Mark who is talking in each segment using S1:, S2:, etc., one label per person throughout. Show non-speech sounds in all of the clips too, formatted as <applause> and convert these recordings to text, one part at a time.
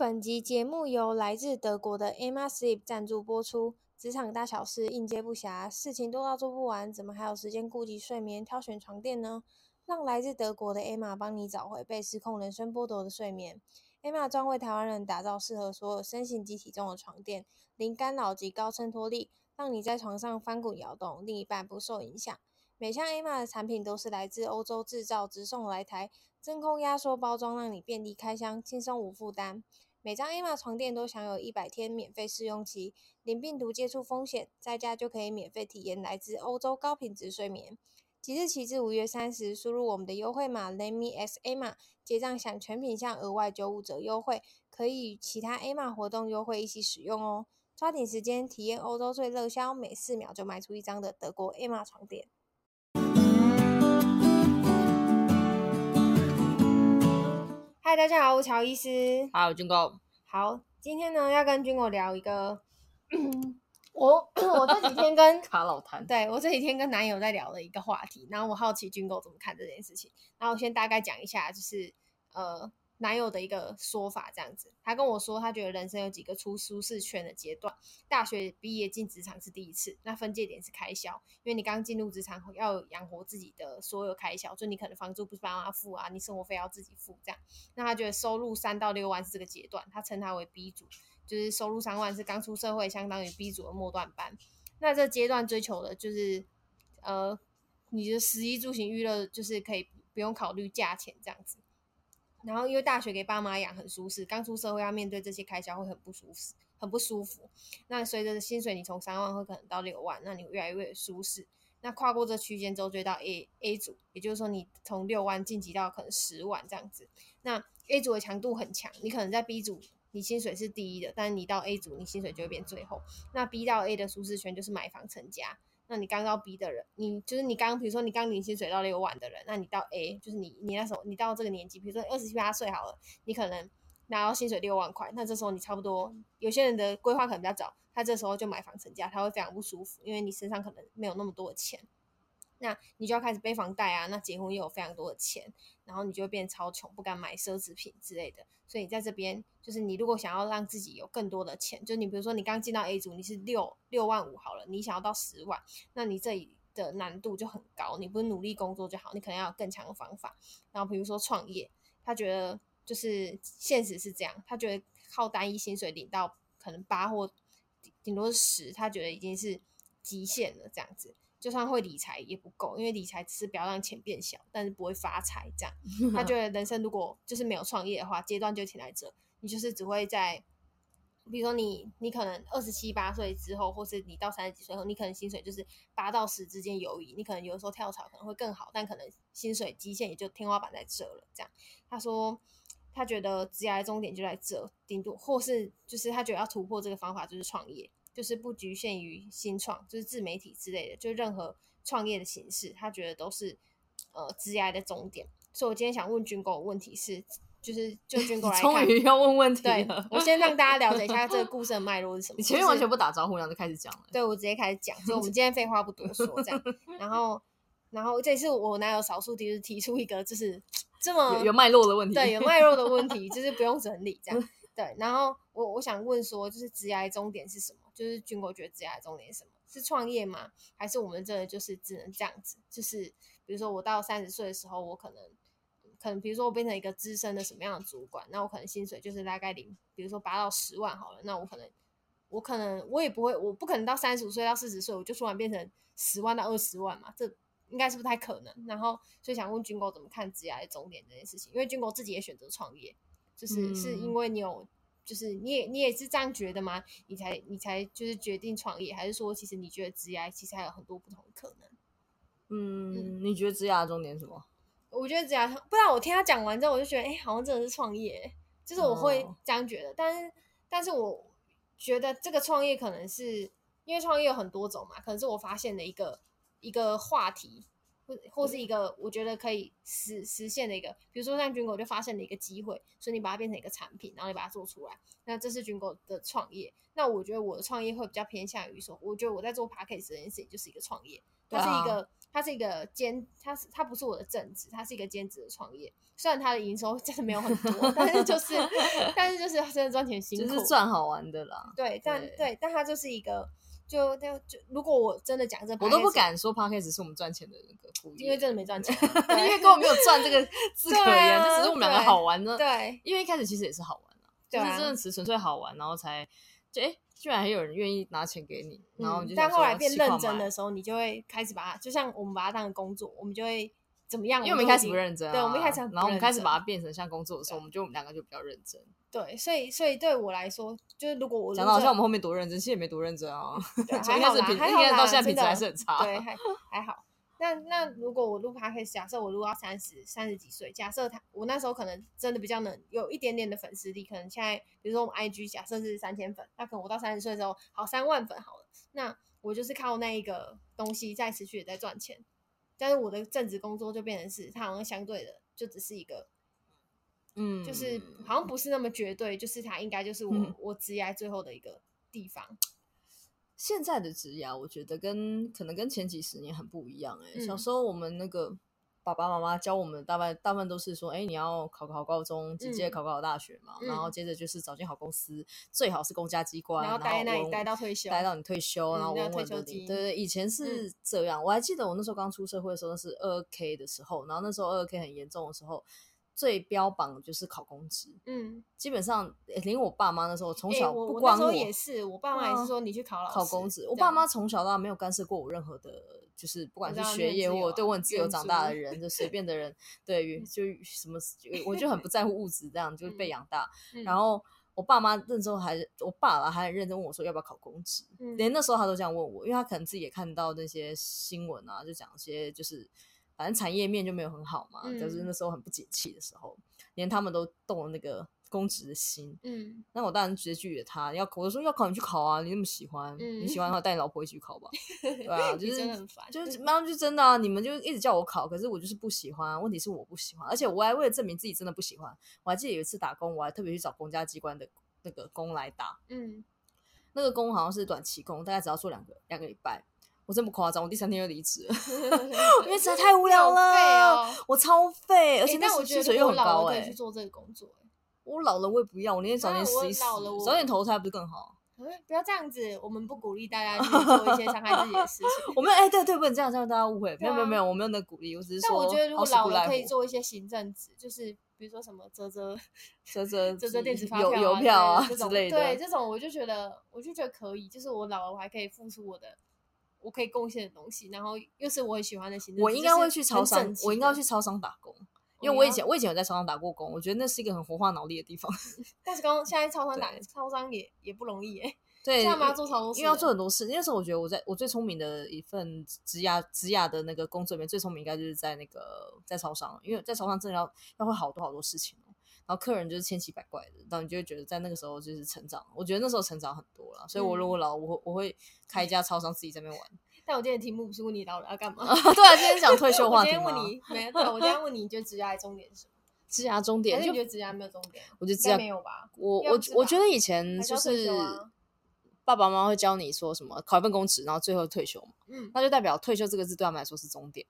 S1: 本集節目由來自德國的 Emma Sleep 贊助播出。職場大小事應接不暇，事情多到做不完，怎麼還有時間顧及睡眠、挑選床墊呢？讓來自德國的 Emma 幫你找回被失控人生剝奪的睡眠。Emma 專為台灣人打造適合所有身形及體重的床墊，零干擾及高承托力，讓你在床上翻滾搖動，另一半不受影響。每項 Emma 的產品都是來自歐洲製造，直送來台，真空壓縮包裝，讓你便利開箱，輕鬆無負擔。每張 Emma 床墊都享有一百天免費試用期，零病毒接觸風險，在家就可以免費體驗來自歐洲高品質睡眠。即日起至五月三十，輸入我們的優惠碼 LetMeAskEmma 結賬享全品項額外九五折優惠，可以與其他 Emma 活動優惠一起使用哦！抓緊時間體驗歐洲最熱銷，每四秒就賣出一張的德國 Emma 床墊。嗨，Hi, 大家好，我喬伊斯。好，Jingle。好，今天呢要跟 Jingle 聊一個， <coughs> 我 <coughs> 我這幾天跟 <coughs> 卡老談對我這幾天跟男友在聊的一個話題，然後我好奇 Jingle 怎麼看這件事情，然後我先大概講一下，就是呃。男友的一個說法，這樣子，他跟我說，他覺得人生有幾個出舒適圈的階段，大學畢業進職場是第一次，那分界點是開銷，因為你剛進入職場要養活自己的所有開銷，就你可能房租不是爸媽付啊，你生活費要自己付，這樣，那他覺得收入三到六萬是這個階段，他稱他為 B 組，就是收入三萬是剛出社會，相當於 B 組的末段班，那這階段追求的就是，呃，你的食衣住行娛樂就是可以不用考慮價錢，這樣子。然後因為大學給爸媽養很舒適，剛出社會要面對這些開銷會很不舒服，很不舒服。那隨着薪水你從三萬會可能到六萬，那你越來，越來越舒適。那跨過這區間之後，就到 A A 組，也就是說你從六萬晉級到可能十萬這樣子。那 A 組的強度很強，你可能在 B 組你薪水是第一的，但是你到 A 組你薪水就會變最後。那 B 到 A 的舒適圈就是買房成家。那你剛到 B 的人，你就是你剛，比如說你剛領薪水到六萬的人，那你到 A，就是你你那時候你到這個年紀，比如說二十七八歲好了，你可能拿到薪水六萬塊，那這時候你差不多，有些人的規劃可能比較早，他這時候就買房成家，他會非常不舒服，因為你身上可能沒有那麼多的錢。那你就要開始背房貸啊，那結婚又有非常多的錢，然後你就會變超窮，不敢買奢侈品之類的。所以在這邊，就是你如果想要讓自己有更多的錢，就你比如說你剛進到 A 組，你是六六萬五好了，你想要到十萬，那你這裡的難度就很高。你不是努力工作就好，你可能要有更強的方法。然後比如說創業，他覺得就是現實是這樣，他覺得靠單一薪水領到可能八或頂多十，他覺得已經是極限了，這樣子。就算會理財也不夠，因為理財只是不要讓錢變小，但是不會發財。這樣，他覺得人生如果就是沒有創業的話，階段就停在這。你就是只會在，比如說你，你可能二十七八歲之後，或是你到三十幾歲後，你可能薪水就是八到十之間游移。你可能有的時候跳槽可能會更好，但可能薪水極限也就天花板在這了。這樣，他說他覺得職業的終點就在這，頂多或是就是他覺得要突破這個方法就是創業。就是不局限於新創，就是自媒體之類的，就任何創業的形式，他覺得都是呃職涯的終點。所以，我今天想問軍哥的問題是，就是就軍哥來看，終於要
S2: 問問題了對。我先讓大家了解一下這個故
S1: 事的脈絡是什麼。 <laughs> 就是、你前面完全不打招呼，然後就開始講了。對，我直接開始講。所以，我們今天廢話不多說， <laughs> 這樣。然後，然後這次我哪有少數提，提出一個就是這麼有脈絡的問題。對，有脈絡的問題， <laughs> 就是不用整理這樣。對，然後我我想問說，就是職涯終點是什麼？就是 Jingle 覺得職涯終點是什麼？是創業嗎？還是我們真的就是只能這樣子？就是比如說我到三十歲的時候，我可能可能比如說我變成一個資深的什麼樣的主管，那我可能薪水就是大概零，比如說八到十萬好了，那我可能我可能我也不會，我不可能到三十五歲到四十歲我就突然變成十萬到二十萬嘛，這應該是不太可能。然後所以想問 Jingle 怎麼看職涯的終點這件事情，因為 Jingle 自己也選擇創業，就是是因為你有。嗯就是你也你也是這樣覺得嗎？你才你才就是決定創業，還是說其實你覺得職涯其實還有很多不同的可能？
S2: 嗯，嗯，你覺得職涯的終點是什麼？
S1: 我覺得職涯，不然我聽他講完之後，我就覺得，哎、欸，好像真的是創業，就是我會這樣覺得。Oh. 但是，但是我覺得這個創業可能是因為創業有很多種嘛，可能是我發現的一個一個話題。或或是一個，我覺得可以實實現的一個，比如說像 Jingle 就發現了一個機會，所以你把它變成一個產品，然後你把它做出來，那這是 Jingle 的創業。那我覺得我的創業會比較偏向於說，我覺得我在做 podcast 那件事情就是一個創業，它是一個、啊、它是一個兼，它是它不是我的正職，它是一個兼職的創業。雖然它的營收真的沒有很多，但是就是 <laughs> 但是就是真的賺錢辛苦，就是賺
S2: 好玩的啦。
S1: 對，但對，對，但它就是一個。就就就，如果我真的講這，我都不敢
S2: 說 Podcast 是我們賺錢的那個副業，
S1: 因為真的沒賺錢，對對 <laughs> 因為根本沒有賺這個資格呀，這、啊、只是我們兩個好玩的。對，因為一開始其
S2: 實也是好玩啊！對啊，就是真的是純粹好玩，然後才就哎，居然還有人願意拿錢給你，然後你就、嗯。但後來變認真的時
S1: 候，買你就會開始把它，就像我們把它當成工作，我們就會怎麼樣？因為我們一開始不認真、啊，對，我們一開始，然後我們開始把它變成像工作的時候，對我們就兩個就比較認真。對，所以所以對我來說，就是如果我講的好像我們
S2: 後面多認真，其實也沒多認真啊。從開始平，現在到現在，品質還是很差。對，
S1: 還還好。那那如果我錄 podcast 假設我錄到三十三十幾歲，假設他我那時候可能真的比較能有一點點的粉絲力，可能現在比如說我 IG 假設是三千粉，那可能我到三十歲的時候，好三萬粉好了，那我就是靠那一個東西再持續的在賺錢，但是我的正職工作就變成是，它好像相對的就只是一個。嗯，就是好像不是那麼絕對，就是他應該就是我我職涯最後的一個地方。
S2: 現在的職涯，我覺得跟可能跟前幾十年很不一樣。誒。小時候我們那個爸爸媽媽教我們，大半大半都是說，哎，你要考個好高中，直接考個好大學嘛，然後接着就是找間好公司，最好是公家機關，然後待那裡待到退休，待到你退休，然後穩穩到底。對對，以前是這樣。我還記得我那時候剛出社會的時候是二 K 的時候，然後那時候二 K 很嚴重的時候。最標榜的就是考公職，
S1: 嗯，
S2: 基本上、欸、連我爸媽那時候從小不管、欸、我，我我也是
S1: 我爸媽也是說你去考考公職。這樣。我爸媽
S2: 從小到大沒有干涉過我任何的，就是不管是學業，嗯、我對我很自由長大的人，嗯、就隨便的人，對於就什麼，我就很不在乎物質，這樣就被養大。嗯、然後我爸媽那時候還，我爸還很認真問我說要不要考公職，嗯、連那時候他都這樣問我，因為他可能自己也看到那些新聞啊，就講一些就是。反正產業面就沒有很好嘛，就、嗯、是那時候很不景氣的時候，連他們都動了那個公職的心。嗯，那我當然直接拒絕他，要我說要考你去考啊，你那麼喜歡，嗯、你喜歡的話帶你老婆一起去考吧， <laughs> 對吧、啊？就是就是媽、嗯、就真的啊，你們就一直叫我考，可是我就是不喜歡。問題是我不喜歡，而且我還為了證明自己真的不喜歡，我還記得有一次打工，我還特別去找公家機關的那個工來打。嗯，那個工好像是短期工，大概只要做兩個兩個禮拜。我真不誇張，我第三天就離職
S1: 了，因為實在太無聊了，
S2: 我超廢，而且那薪水又很高哎。我我老了，我去做這個工作。我老了，我也不要，我寧願早點死一死，早點投胎不是更好？
S1: 不要這樣子，我們不鼓勵大家去做一些傷害自己的事情。
S2: 我們哎，對對，不能這樣，這樣大家誤會。沒有沒有沒有，我沒有那個鼓勵，我只是說。但我覺得如果老了可以做
S1: 一些行政職，就是比如說什麼折折
S2: 折折折折電子郵郵票啊之類的，對這
S1: 種我就覺得我就覺得可以，就是我老了我還可以付出我的。我可以貢獻的東西，然後又是我很喜歡的行的。我應該會去超商，我應
S2: 該要去超商打工，oh、
S1: yeah. 因為我以前
S2: 我以前有在超商打過工，我覺得那是一個很活化腦力的地方。
S1: <laughs> 但是剛，剛現在超商打對超商也也不容易耶，對，幹嘛做超？因為要做很多
S2: 事。那時候我覺得我在我最聰明的一份職涯職涯的那個工作裡面，最聰明應該就是在那個在超商，因為在超商真的要要會好多好多事情。然後客人就是千奇百怪的，然後你就會覺得在那個時候就是成長。我覺得那時候成長很多了，嗯、所以，我如果老，我會我會開一家超商自己在那邊玩。
S1: 但我今天題目不是問你老了要幹嘛？ <laughs> 對啊，今天講退休話題 <laughs> 嗎。我今天問你，沒有？對，我今天問你覺得職涯終點是嗎？職涯，終點就覺得職涯沒有終點。我覺得職涯沒有吧？我吧我我覺得以
S2: 前就是爸爸媽媽會教你說什麼，考一份公職，然後最後退休嘛。嗯、那就代表退休這個字對他們來說是終點。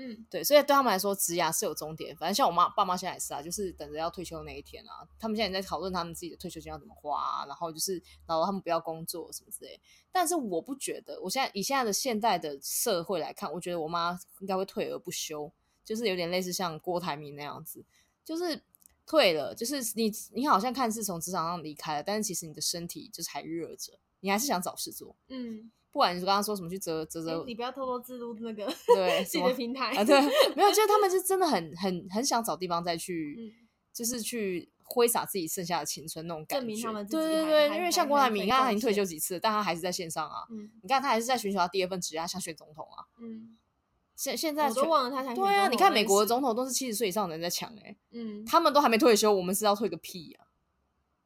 S2: 嗯，對，所以對他們來說，職涯是有終點。反正像我媽爸媽現在也是啊，就是等着要退休那一天啊。他們現在也在討論他們自己的退休金要怎麼花啊，然後就是然後他們不要工作什麼之類。但是我不覺得，我現在以現在的現代的社會來看，我覺得我媽應該會退而不休，就是有點類似像郭台銘那樣子，就是退了，就是你你好像看似從職場上離開了，但是其實你的身體就是還熱着。你還是想找事做，
S1: 嗯，
S2: 不管你是剛剛說什麼去折折折，你不要
S1: 偷偷自錄那個自己的平台啊，對，沒有，就是他
S2: 們是真的很很很想找地方再去，就是去揮灑自己剩下的青春那種感覺，對對對，因為像郭台銘，你看他已經退休幾次，但他還是在線上啊，你看他還是在尋求他第二份職業，他想選總統啊，嗯，現現在我
S1: 他對啊，你看美國的
S2: 總統都是七十歲以上的人在搶，哎，嗯，他們都還沒退休，我們是要退個屁呀，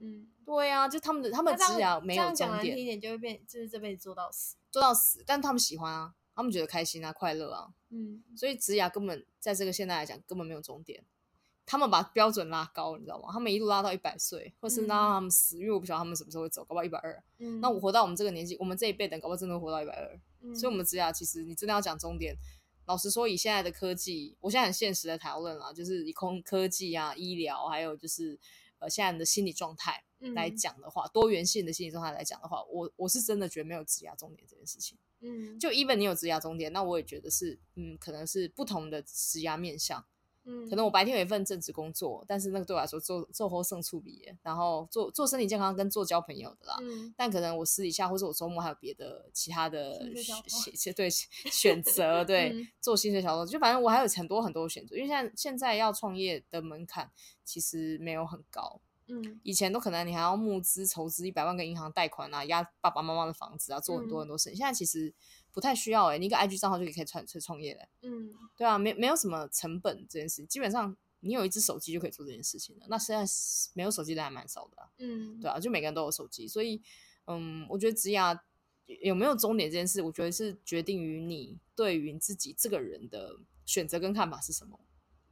S2: 嗯。
S1: 對啊，就他們的他們職涯沒有終點，這樣講難聽一點就會變，就是這輩子做到死，做
S2: 到死。但他們喜歡啊，他們覺得開心啊，快樂啊。嗯，所以職涯根本在這個現在來講根本沒有終點。他們把標準拉高，你知道嗎？他們一路拉到一百歲，或是拉到他們死，嗯、因為我不曉得他們什麼時候會走，搞不好一百二。嗯、那我活到我們這個年紀，我們這一輩人搞不好真的會活到一百二。嗯、所以，我們職涯其實你真的要講終點，老實說，以現在的科技，我現在很現實的討論啊，就是以空科技啊、醫療，還有就是呃現在你的心理狀態。來講的話，嗯、多元性的心理狀態來講的話，我我是真的覺得沒有職涯終點這件事情。嗯，
S1: 就 even
S2: 你有職涯終點，那我也覺得是，嗯，可能是不同的職涯面向。
S1: 嗯，可能我白
S2: 天有一份正職工作，但是那個對我來說做做後勝處比，然後做做身體健康跟做交朋友的啦。嗯。但可能我私底下或者我周末還有別的其他的選，對選擇，對、嗯、做新趣小動作，就反正我還有很多很多選擇，因為現在現在要創業的門檻其實沒有很高。嗯，以前都可能你還要募資、籌資一百萬跟銀行貸款啊，押爸爸媽媽的房子啊，做很多很多事情，嗯、現在其實不太需要誒、欸、你一個 IG 賬號就可以創、可以創業的、欸。嗯，對啊，沒、沒有什麼成本這件事情，基本上你有一只手機就可以做這件事情了。那現在沒有手機的還蠻少的、啊。嗯，對啊，就每個人都有手機，所以嗯，我覺得職業有沒有終點這件事，我覺得是決定於你對於自己這個人的選擇跟看法是什麼。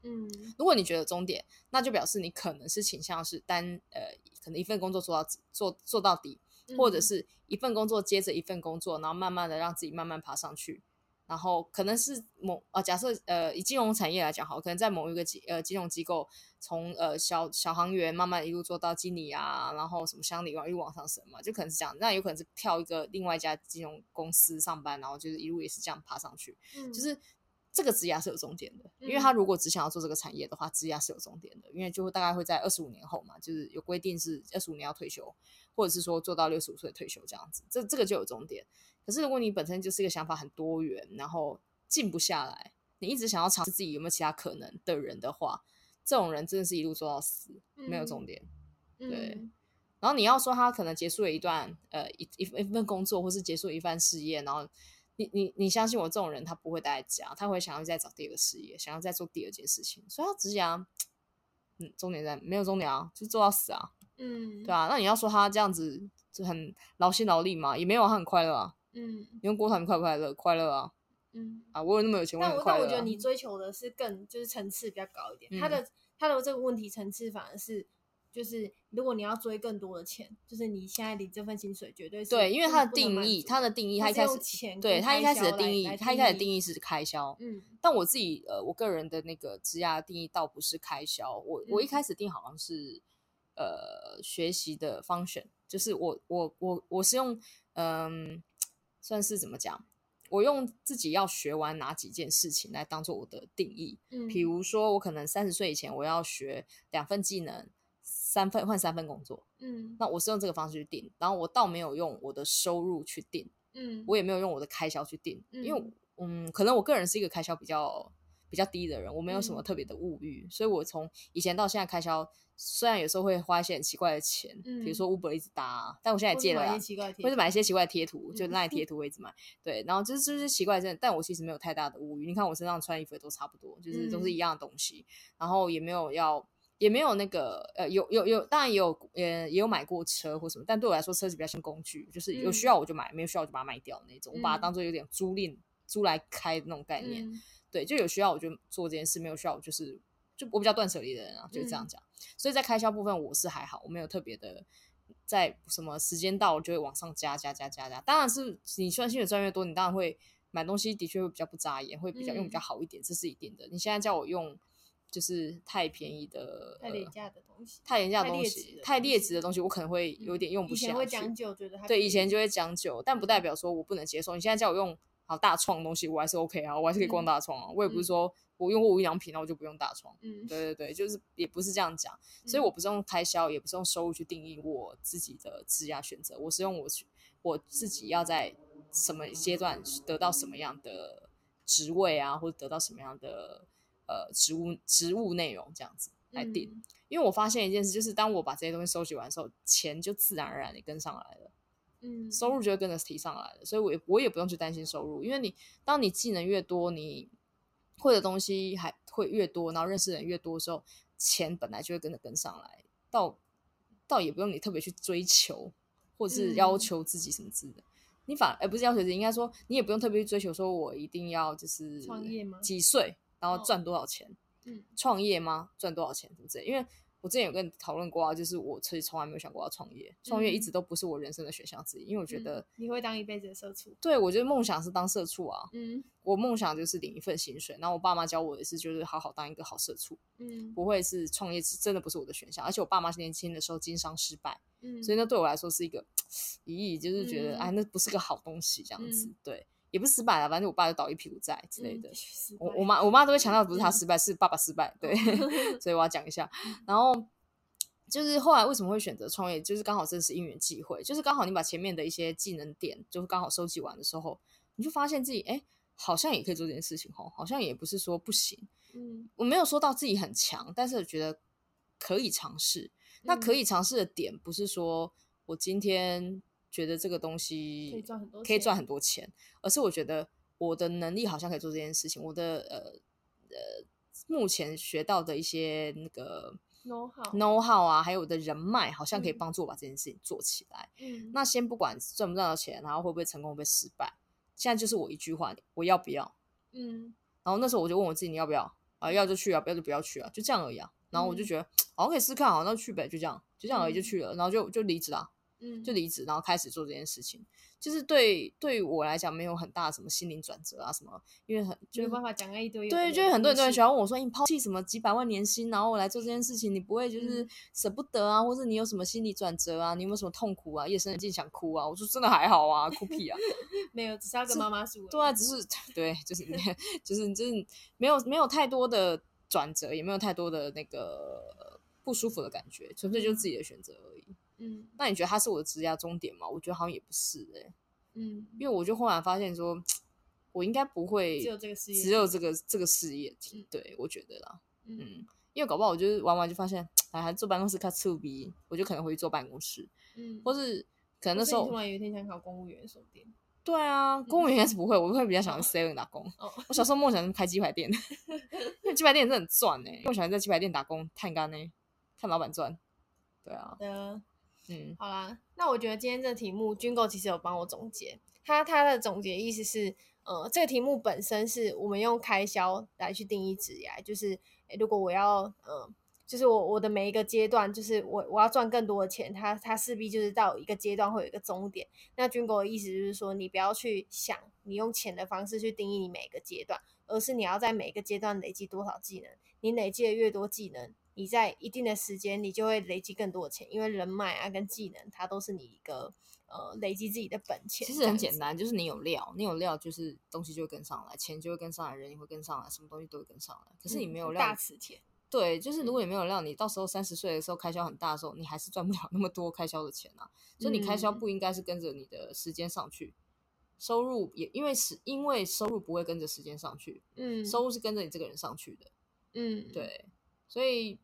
S2: 嗯，如果你覺得終點，那就表示你可能是傾向是單呃，可能一份工作做到做做到底，或者是一份工作接着一份工作，然後慢慢的讓自己慢慢爬上去，然後可能是某啊、呃，假設呃以金融產業來講好，可能在某一個金呃金融機構從，從呃小小行員慢慢一路做到經理啊，然後什麼襄理往又往上升嘛，就可能是這樣。那有可能是跳一個另外一家金融公司上班，然後就是一路也是這樣爬上去，嗯、就是。這個職涯是有終點的，因為他如果只想要做這個產業的話，嗯、職涯是有終點的，因為就大概會在二十五年後嘛，就是有規定是二十五年要退休，或者是說做到六十五歲退休這樣子，這這個就有終點。可是如果你本身就是一個想法很多元，然後靜不下來，你一直想要嘗試自己有沒有其他可能的人的話，這種人真的是一路做到死，嗯、沒有終點。對，嗯、然後你要說他可能結束了一段呃一一份工作，或是結束了一番事業，然後。你你你相信我，這種人他不會待在家，他會想要再找第二個事業，想要再做第二件事情，所以他只想，嗯，終點在沒有終點啊，就做到死啊，嗯，
S1: 對啊，那
S2: 你要說他這樣子就很勞心勞力嘛，也沒有、啊，他很快樂啊，嗯，你問郭台銘快不快樂，快樂啊，嗯，啊，我有那麼有錢，我很快樂啊、但我那我覺得你
S1: 追求的是更就是層次比較高一點，嗯、他的他的這個問題層次反而是。就是如果你要追更多的錢，就是你現在領這份薪水絕對是對，因為它的定義，它的定義，它一開始它開對它一開始的定義，定義它一開始的定義
S2: 是開銷，嗯，但我自己呃，我個人的那個職涯定義倒不是開銷，我我一開始定好像是、嗯、呃學習的 function，就是我我我我是用嗯、呃、算是怎麼講，我用自己要學完哪幾件事情來當做我的定義，嗯，比如說我可能三十歲以前我要學兩份技能。三份換三份工作，嗯，那我是用這個方式去定，然後我倒沒有用我的收入去定，嗯，我也沒有用我的開銷去定，嗯、因為，嗯，可能我個人是一個開銷比較比較低的人，我沒有什麼特別的物欲，嗯、所以我從以前到現在開銷，雖然有時候會花一些很奇怪的錢，嗯、比如說 Uber 一直搭，但我現在也戒了，我或者買一些奇怪的貼圖，就那些貼圖我一直買，嗯、對，然後就是就是奇怪的，但我其實沒有太大的物欲，你看我身上穿衣服也都差不多，就是都是一樣的東西，嗯、然後也沒有要。也沒有那個呃，有有有，當然也有，也也有買過車或什麼，但對我來說，車子比較像工具，就是有需要我就買，嗯、沒有需要我就把它賣掉那種，嗯、我把它當做有點租賃，租來開那種概念。嗯、對，就有需要我就做這件事，沒有需要我就是就我比較斷捨離的人啊，就這樣講。嗯、所以在開銷部分，我是還好，我沒有特別的在什麼時間到我就會往上加加加加加，加。當然是你算薪水賺越多，你當然會買東西，的確會比較不眨眼，會比較用比較好一點，嗯、這是一定的。你現在叫我用。就是太便宜的，
S1: 太廉價的東西，呃、太廉價的東
S2: 西，太劣質的東西，東西、東西我可能會有點用不起來，嗯、以前會講
S1: 究覺得他對以前
S2: 就會講究，嗯、但不代表說我不能接受。嗯、你現在叫我用好大創的東西，我還是 OK 啊，我還是可以逛大創啊。嗯、我也不是說我用過無印良品，那我就不用大創。嗯、對對對，就是也不是這樣講。嗯、所以我不是用開銷，也不是用收入去定義我自己的職業選擇，我是用我我自己要在什麼階段得到什麼樣的職位啊，或者得到什麼樣的。呃，職務職務內容這樣子來定，嗯、因為我發現一件事，就是當我把這些東西收集完之後，錢就自然而然的跟上來了，嗯，收入就會跟着提上來了，所以我也我也不用去擔心收入，因為你當你技能越多，你會的東西還會越多，然後認識人越多的時候，錢本來就會跟着跟上來，倒倒也不用你特別去追求，或者是要求自己什麼之類的，嗯、你反而、欸、不是要求自己，應該說你也不用特別去追求，說我一定要就是創業幾歲？然後賺多少錢？哦、嗯，創業嗎？賺多少錢？是不是？因為，我之前有跟你討論過啊，就是我其實從來沒有想過要創業，嗯、創業一直都不是我人生的選項之一，因為我覺得、
S1: 嗯、你會當一輩子的社畜。
S2: 對，我覺得夢想是當社畜啊。嗯，我夢想就是領一份薪水。然後我爸媽教我的是，就是好好當一個好社畜。嗯，不會是創業，是真的不是我的選項。而且我爸媽年輕的時候經商失敗，嗯，所以那對我來說是一個意義，就是覺得、嗯、哎，那不是個好東西，這樣子，嗯、對。也不失敗了、啊，反正我爸就倒一屁股債之類的。我我媽我媽都會強調，不是他失敗，是爸爸失敗。對， <laughs> 所以我要講一下。然後就是後來為什麼會選擇創業，就是剛好這是因緣際會，就是剛好你把前面的一些技能點，就是剛好收集完的時候，你就發現自己哎、欸，好像也可以做這件事情哦，好像也不是說不行。嗯，我沒有說到自己很強，但是我覺得可以嘗試。那可以嘗試的點，不是說我今天。覺得這個東西可以賺
S1: 很多，可以賺很多
S2: 錢，而是我覺得我的能力好像可以做這件事情，我的呃呃，目前學到的一些那個 know how know how 啊，還有我的人脈好像可以幫助我把這件事情做起來。嗯，那先不管賺不賺到錢，然後會不會成功，會不會失敗，現在就是我一句話，我要不要？嗯，然後那時候我就問我自己，你要不要？啊，要就去啊，不要就不要去啊，就這樣而已啊。然後我就覺得好像，嗯哦，可以試試看好，好像去唄，就這樣，就這樣而已就去了，嗯，然後就就離職啦。嗯，就離職，然後開始做這件事情，就是對對我來講沒有很大什麼心靈轉折啊什麼，因為很、就是、沒有辦法講那一堆。對，就是很多人都喜歡問我說，你拋棄什麼幾百萬年薪，然後我來做這件事情，你不會就是捨不得啊，或者你有什麼心理轉折啊，你有沒有什麼痛苦啊，夜深人靜想哭啊？我說真的還好啊，哭屁
S1: 啊， <laughs> 沒有，只是要跟媽媽說。對啊，只是
S2: 對，就是你就是你就是沒有沒有太多的轉折，也沒有太多的那個不舒服的感覺，純粹就是自己的選擇而已。嗯，那你覺得他是我的職業終點嗎？我覺得好像也不是哎。嗯，因為我就忽然發現說，我應該不會只有這個事業，只有這個這個事業，對，我覺得啦。嗯，因為搞不好，我就是玩完就發現，哎，坐辦公室看 TVB，我就可能回去坐辦公室。
S1: 嗯，或是
S2: 可能那時候突然
S1: 有一天想考公務員什麼的。
S2: 對啊，公務員應該是不會，我會比較想在 sales 打工。我小時候夢想是開雞排店，因為雞排店也是很賺哎。我想在雞排店打工，探干哎，看老板賺。對
S1: 啊。對啊。嗯，好啦，那我覺得今天這個題目 Jingle 其實有幫我總結，他他的總結意思是，呃，這個題目本身是我們用開銷來去定義職業，就是如果我要，嗯、呃，就是我我的每一個階段，就是我我要賺更多的錢，它它勢必就是到一個階段會有一個終點。那 Jingle 的意思就是說，你不要去想你用錢的方式去定義你每一個階段，而是你要在每一個階段累積多少技能，你累積的越多技能。你在一定的時間，你就會累積更多的錢，因為人脈啊，跟技能，它都是你一個呃累積自己的本錢。其實很簡單，
S2: 就是你有料，你有料，就是東西就會跟上來，錢就會跟上來，人也會跟上來，什麼東西都會跟上來。可是你沒有料，嗯、大磁鐵。對，就是如果你沒有料，你到時候三十歲的時候開銷很大的時候，嗯、你還是賺不了那麼多開銷的錢啊。所以你開銷不應該是跟着你的時間上去，嗯、收入也因為是因為收入不會跟着時間上去，嗯，收入是跟着你這個人上去的，嗯，對，所以。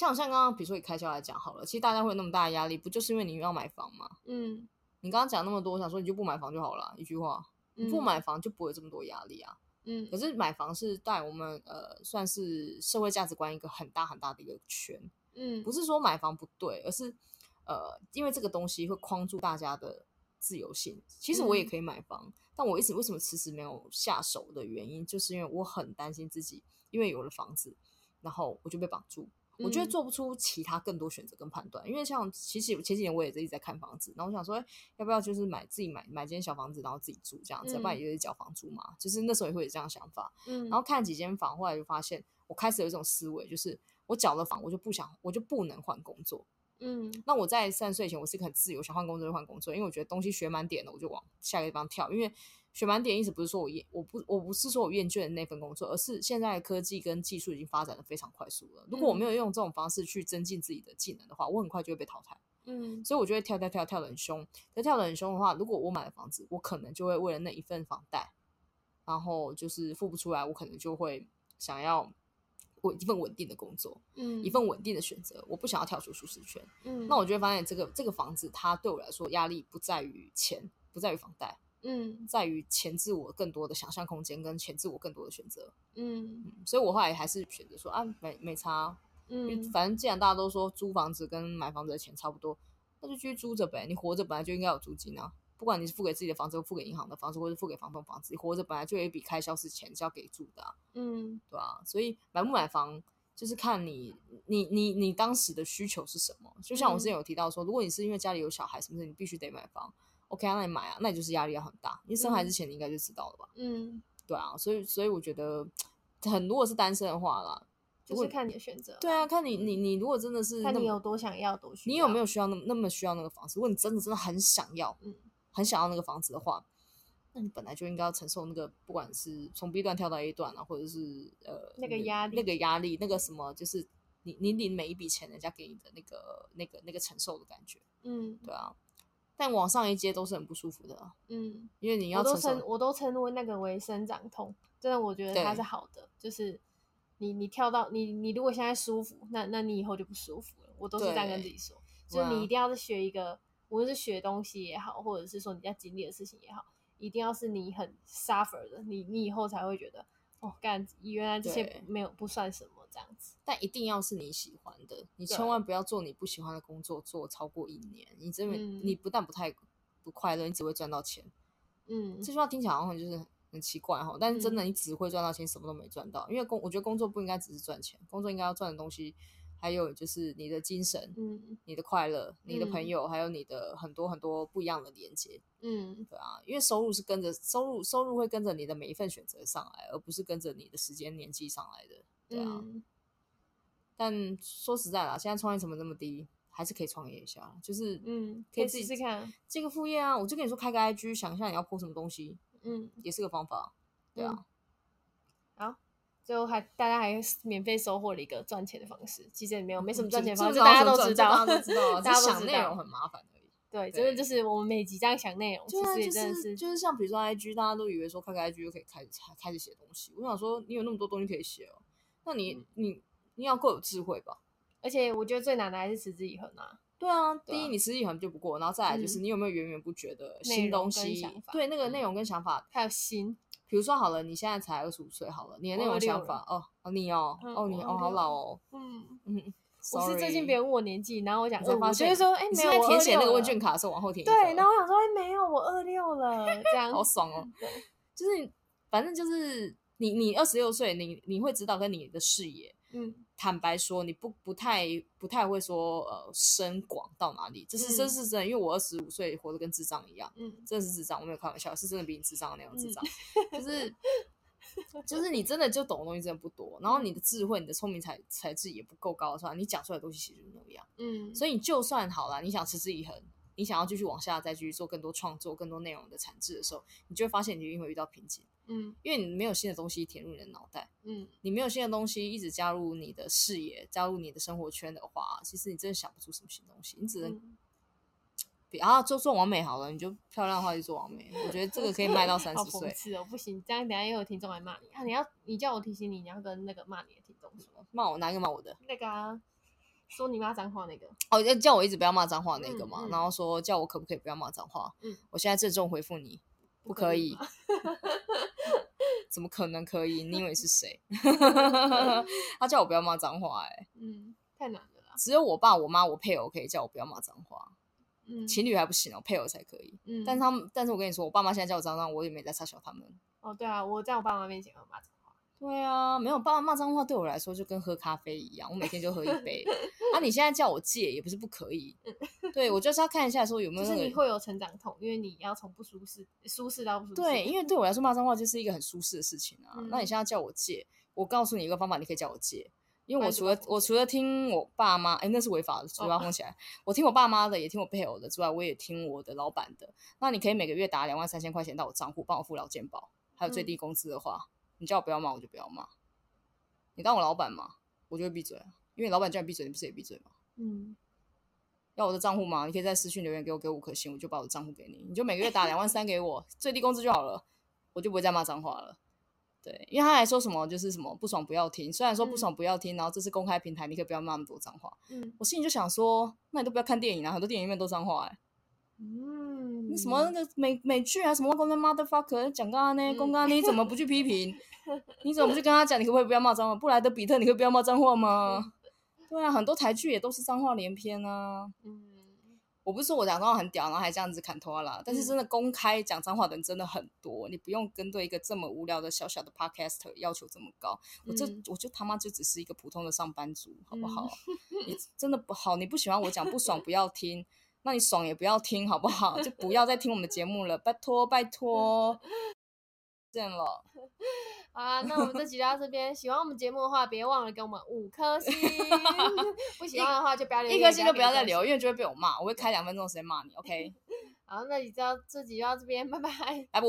S2: 像像剛剛，比如說以開銷來講好了，其實大家會有那麼大的壓力，不就是因為你要買房嗎？嗯，你剛剛講那麼多，我想說你就不買房就好了、啊，一句話，嗯、你不買房就不會有這麼多壓力啊。嗯，可是買房是帶我們呃，算是社會價值觀一個很大很大的一個圈。嗯，不是說買房不對，而是呃，因為這個東西會框住大家的自由性。其實我也可以買房，嗯、但我一直為什麼遲遲沒有下手的原因，就是因為我很擔心自己，因為有了房子，然後我就被綁住。我覺得做不出其他更多選擇跟判斷，嗯、因為像其實前幾年我也是一直在看房子，然後我想說，欸、要不要就是買自己買買間小房子，然後自己住這樣子，嗯、不然也就是繳房租嘛。就是那時候也會有這樣想法，嗯、然後看幾間房，後來就發現我開始有一種思維，就是我繳了房，我就不想，我就不能換工作。嗯，那我在三歲歲前，我是一個自由，想換工作就換工作，因為我覺得東西學滿點的，我就往下一個地方跳。因為學滿點意思不是說我厭，我不我不是說我厭倦的那份工作，而是現在科技跟技術已經發展的非常快速了。嗯、如果我沒有用這種方式去增進自己的技能的話，我很快就會被淘汰。嗯，所以我就會跳跳跳跳得很兇。但跳，跳得很兇的話，如果我買了房子，我可能就會為了那一份房貸，然後就是付不出來，我可能就會想要。我一份穩定的工作，嗯，一份穩定的選擇，我不想要跳出舒適圈，嗯，那我就會發現這個這個房子，它對我來說壓力不在於錢，不在於房貸，嗯，在於箝制我更多的想象空間跟箝制我更多的選擇，
S1: 嗯，
S2: 所以我後來還是選擇說啊，沒沒差哦，嗯，反正既然大家都說租房子跟買房子的錢差不多，那就繼續租着唄，你活着本來就應該有租金啊。不管你是付給自己的房子，付給銀行的房子，或者付給房東房子，或者本來就有一筆開銷是錢就要給住的、啊，嗯，對啊，所以買不買房就是看你你你你，你當時的需求是什麼。就像我之前有提到說，嗯、如果你是因為家裡有小孩是不是你必須得買房，OK 那你買啊，那你就是壓力要很大。你生孩子前你應該就知道了吧，嗯，對啊，所以所以我覺得很如果是單身的話啦，就
S1: 是看你的選擇，對
S2: 啊，看你你你如果真的是看你有
S1: 多想要多需
S2: 要，你有沒有需要那麼那麼需要那個房子？如果你真的真的很想要，嗯。很想要那個房子的話，那你本來就應該要承受那個，不管是從 B 段跳到 A 段啊，或者是呃那個壓力、那個壓力、那個什麼，就是你你領每一筆錢人家給你的那個、那個、那個承受的感覺，
S1: 嗯，
S2: 對啊。但往上一階都是很不舒服的，嗯，因為你要承受，我
S1: 都稱我都稱為那個為生長痛，真的，我覺得它是好的，對就是你你跳到你你如果現在舒服，那那你以後就不舒服了。我都是在跟自己說，所以對你一定要學一個。嗯無論是學東西也好，或者是說你在經歷的事情也好，一定要是你很 suffer 的，你你以後才會覺得，哦，幹，原來這些沒有對不算什麼這樣子。
S2: 但一定要是你喜歡的，你千萬不要做你不喜歡的工作對做超過一年，你真的、嗯、你不但不太不快樂，你只會賺到錢。嗯，這句話聽起來好像就是很奇怪哈，但是真的你只會賺到錢，嗯、什麼都沒賺到，因為工我覺得工作不應該只是賺錢，工作應該要賺的東西。還有就是你的精神，嗯，你的快樂，你的朋友，嗯、還有你的很多很多不一樣的連接，嗯，對啊，因為收入是跟着收入，收入會跟着你的每一份選擇上來，而不是跟着你的時間年紀上來的，對啊。嗯、但說實在啦，現在創業成本那麼低，還是可以創業一下，就是
S1: 嗯，可以自己試看
S2: 這個副業啊，我就跟你說開個 IG，想一下你要播什麼東西，
S1: 嗯，
S2: 也是個方法，對啊，嗯、
S1: 好。最後還大家還免費收穫了一個賺錢的方式，其實也沒有沒什麼賺錢方式，大家都知道，大家想內容很麻煩而已。對，真的就是我們每集這樣想內容，就是真的是就是像比如說 I G，大家都以
S2: 為說開個 I G 就可以開始寫開始寫東西，我想說你有那麼多東西可以寫哦，那你你你要夠有智慧吧。
S1: 而且我覺得最難的還是持之以恆啊。對啊，第一你
S2: 持之以恆就不過，然後再來就是你有沒有源源不絕的新東西？對，
S1: 那個內容跟想法還有
S2: 新。比如說好了，你現在才二十五歲，好了，你的那種想法哦，你哦，嗯、哦你、嗯、哦，好老哦，嗯嗯，Sorry
S1: 我是最近別人問我年紀，然後我講這話。所以、嗯、說，哎、欸，沒有我填寫那個問卷
S2: 卡的時候往後填，對，然
S1: 後我想說，哎、欸，沒有我二六了，這樣 <laughs> 好
S2: 爽哦，對就是反正就是你你二十六歲，你你，你，你會知道跟你的事業。嗯，坦白說，你不不太不太會說，呃，深廣到哪裡？這是這、嗯、是真的，因為我二十五歲活得跟智障一樣，嗯，真的是智障，我沒有開玩笑，是真的比你智障的那樣的智障，嗯、就是 <laughs> 就是你真的就懂的東西真的不多，然後你的智慧、你的聰明才才智也不夠高，是吧？你講出來的東西其實就是那樣，嗯，所以你就算好了，你想持之以恆，你想要繼續往下再繼續做更多創作、更多內容的產制的時候，你就會發現你就一定會遇到瓶頸。嗯，因為你沒有新的東西填入你的腦袋，嗯，你沒有新的東西一直加入你的視野，加入你的生活圈的話，其實你真的想不出什麼新東西，你只能，嗯、比啊做做完美好了，你就漂亮的話就做完美。我覺得這個可以賣到三十歲。 <laughs> 好諷刺
S1: 哦，不行，這樣等下又有聽眾來罵你。啊，你要你叫我提醒你，你要跟那個罵你的聽眾說，
S2: 罵我哪個罵我的？
S1: 那個、啊、說你罵髒話那個。哦，
S2: 要叫我一直不要罵髒話那個嘛，嗯嗯、然後說叫我可不可以不要罵髒話？嗯，我現在鄭重回覆你。不可以，可 <laughs> <laughs> 怎麼可能可以？你以為你是誰？ <laughs> 他叫我不要罵髒話，欸，哎，嗯，
S1: 太難
S2: 啦。只有我爸、我媽、我配偶可以叫我不要罵髒話，嗯，情侶還不行哦，啊，配偶才可以。嗯，但是他們，但是我跟你說，我爸媽現在叫我髒髒，我也沒在嘲笑他
S1: 們。哦，對啊，我在我爸媽面前也罵髒。
S2: 對啊，沒有辦法。罵髒話對我來說就跟喝咖啡一樣，我每天就喝一杯。 <laughs> 啊，你現在叫我戒也不是不可以。
S1: <laughs> 對，我就是要
S2: 看一下說有沒有、那個，就是你會
S1: 有成長痛，因為你要從不舒適、舒適到不舒適。對，因為
S2: 對我來說罵髒話就是一個很舒適的事情啊。嗯、那你現在叫我戒，我告訴你一個方法，你可以叫我戒。因為我除了我除了聽我爸媽，哎、欸，那是違法的，嘴巴放起來。哦、我聽我爸媽的，也聽我配偶的之外，我也聽我的老闆的。那你可以每個月打兩萬三千塊錢到我賬戶幫我付勞健保，還有最低工資的話。嗯你叫我不要罵我就不要罵，你當我老板嘛，我就會閉嘴因為老板叫你閉嘴，你不是也閉嘴嗎？
S1: 嗯。
S2: 要我的賬戶嗎？你可以在私信留言給我，給我五顆星，我就把我的賬戶給你。你就每個月打兩萬三給我， <laughs> 最低工資就好了，我就不會再罵髒話了。對，因為他還說什麼就是什麼不爽不要聽，雖然說不爽不要聽，嗯、然後這是公開平台，你可以不要罵那麼多髒話。嗯。我心裡就想說，那你都不要看電影啊，很多電影裡面都髒話哎、欸。嗯。什麼那個美美劇啊，什麼公開 motherfucker 講、啊、幹嘛呢？公開，你怎麼不去批評？你怎麼不去跟他講？你可不可以不要罵髒話？布萊德彼特，你可不可以不要罵髒話嗎？對啊，很多台劇也都是髒話連篇啊。嗯、我不是說我講髒話很屌，然後還這樣子砍頭啊啦。但是真的，公開講髒話的人真的很多。嗯、你不用跟對一個這麼無聊的小小的 podcaster 要求這麼高。我這我就他媽就只是一個普通的上班族，好不好？嗯、你真的不好，你不喜歡我講不爽不要聽。那你爽也不要聽好不好？就不要再聽我們的節目了，拜託拜託。
S1: 見了啊，那我們這集就到這邊。 <laughs> 喜歡我們節目的話，別忘了給我們五顆星。 <laughs> 一不喜歡的話就不要留，一顆星就不要再留，
S2: 因為就會被我罵。 <laughs> 我會開兩分鐘時間罵你，OK？
S1: 好，那你這集就到這集到這邊，拜拜，拜拜。